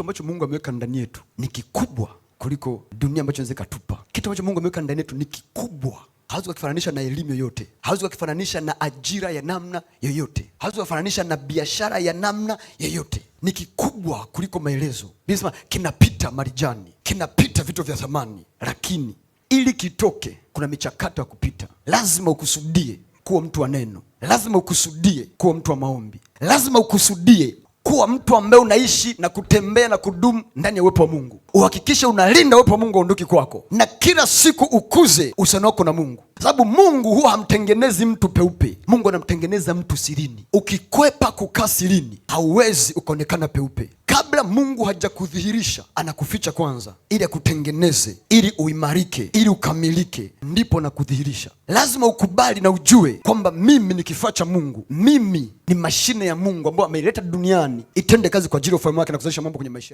kitu ambacho Mungu ameweka ndani yetu ni kikubwa kuliko dunia ambacho inaweza ikatupa. Kitu ambacho Mungu ameweka ndani yetu ni kikubwa hawezi kukifananisha na elimu yoyote, hawezi kukifananisha na ajira ya namna yoyote, hawezi kukifananisha na biashara ya namna yoyote. Ni kikubwa kuliko maelezo. Nisema kinapita marijani, kinapita vitu vya zamani, lakini ili kitoke, kuna michakato ya kupita. Lazima ukusudie kuwa mtu wa neno, lazima ukusudie kuwa mtu wa maombi, lazima ukusudie kuwa mtu ambaye unaishi na kutembea na kudumu ndani ya uwepo wa Mungu. Uhakikishe unalinda uwepo wa Mungu aondoki kwako, na kila siku ukuze uhusiano wako na Mungu, sababu Mungu huwa hamtengenezi mtu peupe. Mungu anamtengeneza mtu sirini. Ukikwepa kukaa sirini, hauwezi ukaonekana peupe kabla Mungu hajakudhihirisha anakuficha kwanza, ili akutengeneze, ili uimarike, ili ukamilike, ndipo nakudhihirisha. Lazima ukubali na ujue kwamba mimi ni kifaa cha Mungu, mimi ni mashine ya Mungu ambayo ameileta duniani itende kazi kwa ajili ya ufalme wake na kuzalisha mambo kwenye maisha